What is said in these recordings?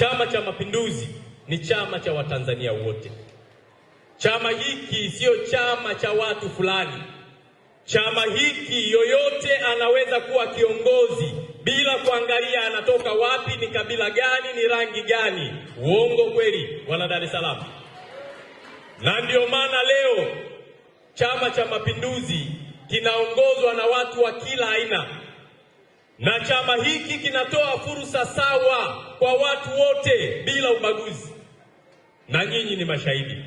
Chama cha Mapinduzi ni chama cha Watanzania wote. Chama hiki siyo chama cha watu fulani. Chama hiki yoyote anaweza kuwa kiongozi bila kuangalia anatoka wapi, ni kabila gani, ni rangi gani. Uongo kweli, wana Dar es Salaam? Na ndiyo maana leo Chama cha Mapinduzi kinaongozwa na watu wa kila aina na chama hiki kinatoa fursa sawa kwa watu wote bila ubaguzi, na nyinyi ni mashahidi.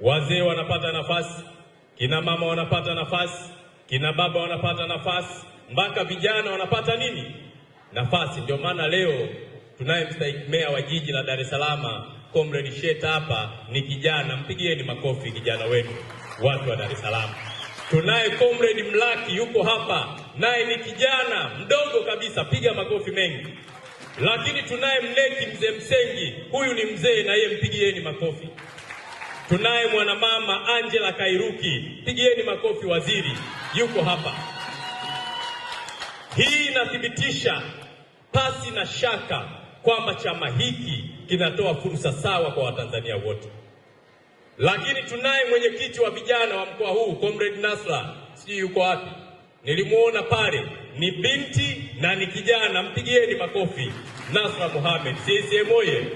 Wazee wanapata nafasi, kina mama wanapata nafasi, kina baba wanapata nafasi, mpaka vijana wanapata nini? Nafasi. Ndio maana leo tunaye mstahiki meya wa jiji la Dar es Salaam, Comrade Sheta. Hapa ni kijana, mpigieni makofi kijana wenu, watu wa Dar es Salaam. Tunaye Comrade Mlaki yuko hapa naye ni kijana mdogo kabisa, piga makofi mengi. Lakini tunaye mleki mzee Msengi, huyu ni mzee na yeye mpigieni makofi. Tunaye mwanamama Angela Kairuki, pigieni makofi. Waziri yuko hapa. Hii inathibitisha pasi na shaka kwamba chama hiki kinatoa fursa sawa kwa Watanzania wote. Lakini tunaye mwenyekiti wa vijana wa mkoa huu Comrade Nasra, sijui yuko wapi Nilimwona pale ni binti na ni kijana, mpigieni makofi Nasra Mohamed. CCM oye!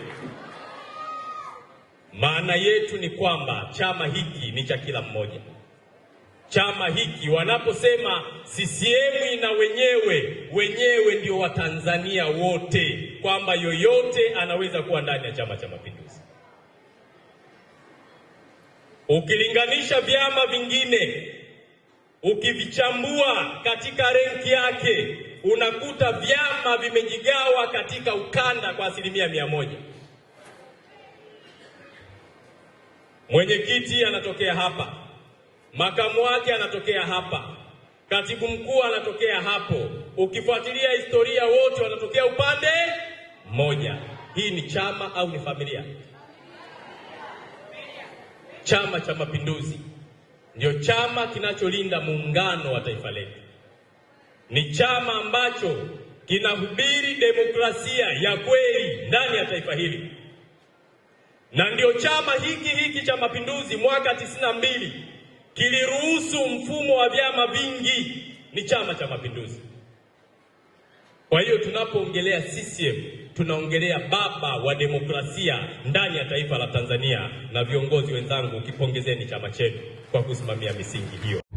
Maana yetu ni kwamba chama hiki ni cha kila mmoja. Chama hiki wanaposema CCM na wenyewe, wenyewe ndio Watanzania wote, kwamba yoyote anaweza kuwa ndani ya Chama cha Mapinduzi. Ukilinganisha vyama vingine Ukivichambua katika renki yake unakuta vyama vimejigawa katika ukanda kwa asilimia mia moja. Mwenyekiti anatokea hapa, makamu wake anatokea hapa, katibu mkuu anatokea hapo. Ukifuatilia historia, wote wanatokea upande mmoja. Hii ni chama au ni familia? Chama cha Mapinduzi ndio chama kinacholinda muungano wa taifa letu. Ni chama ambacho kinahubiri demokrasia ya kweli ndani ya taifa hili, na ndio chama hiki hiki cha Mapinduzi mwaka tisini na mbili kiliruhusu mfumo wa vyama vingi. Ni chama cha Mapinduzi. Kwa hiyo tunapoongelea CCM tunaongelea baba wa demokrasia ndani ya taifa la Tanzania, na viongozi wenzangu, kipongezeni chama chetu kwa kusimamia misingi hiyo.